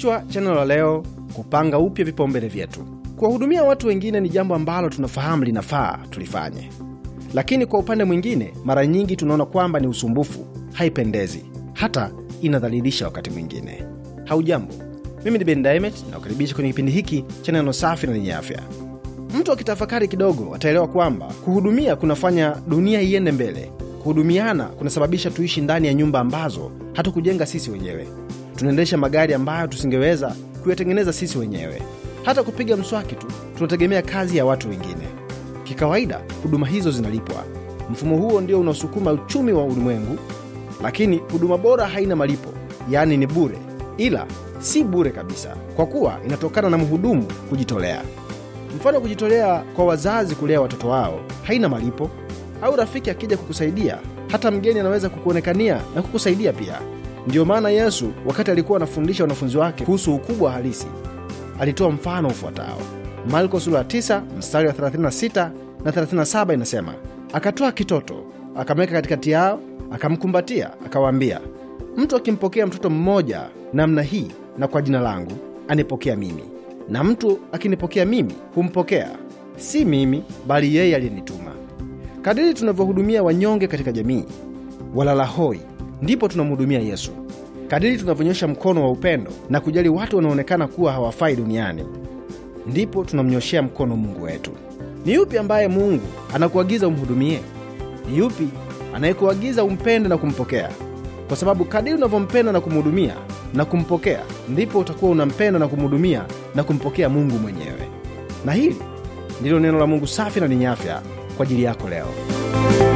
Kichwa cha neno la leo, kupanga upya vipaumbele vyetu. Kuwahudumia watu wengine ni jambo ambalo tunafahamu linafaa tulifanye, lakini kwa upande mwingine, mara nyingi tunaona kwamba ni usumbufu, haipendezi, hata inadhalilisha wakati mwingine. Haujambo, mimi ni Ben Diamond na nakukaribisha kwenye kipindi hiki cha neno safi na lenye afya. Mtu akitafakari kidogo ataelewa kwamba kuhudumia kunafanya dunia iende mbele. Kuhudumiana kunasababisha tuishi ndani ya nyumba ambazo hatukujenga sisi wenyewe tunaendesha magari ambayo tusingeweza kuyatengeneza sisi wenyewe. Hata kupiga mswaki tu tunategemea kazi ya watu wengine. Kikawaida huduma hizo zinalipwa. Mfumo huo ndio unaosukuma uchumi wa ulimwengu, lakini huduma bora haina malipo, yaani ni bure, ila si bure kabisa, kwa kuwa inatokana na mhudumu kujitolea. Mfano, kujitolea kwa wazazi kulea watoto wao haina malipo, au rafiki akija kukusaidia, hata mgeni anaweza kukuonekania na kukusaidia pia. Ndiyo maana Yesu wakati alikuwa anafundisha wanafunzi wake kuhusu ukubwa halisi alitoa mfano ufuatao. Marko sura 9 mstari wa 36 na 37 inasema, akatoa kitoto akamweka katikati yao, akamkumbatia, akawaambia, mtu akimpokea mtoto mmoja namna hii na kwa jina langu anipokea mimi, na mtu akinipokea mimi humpokea si mimi, bali yeye aliyenituma. Kadiri tunavyohudumia wanyonge katika jamii, walala hoi ndipo tunamhudumia Yesu. Kadiri tunavyonyosha mkono wa upendo na kujali watu wanaonekana kuwa hawafai duniani, ndipo tunamnyoshea mkono Mungu wetu. Ni yupi ambaye Mungu anakuagiza umhudumie? Ni yupi anayekuagiza umpende na kumpokea? Kwa sababu kadiri unavyompenda na kumhudumia na kumpokea, ndipo utakuwa unampenda na kumhudumia na kumpokea Mungu mwenyewe. Na hili ndilo neno la Mungu safi na lenye afya kwa ajili yako leo.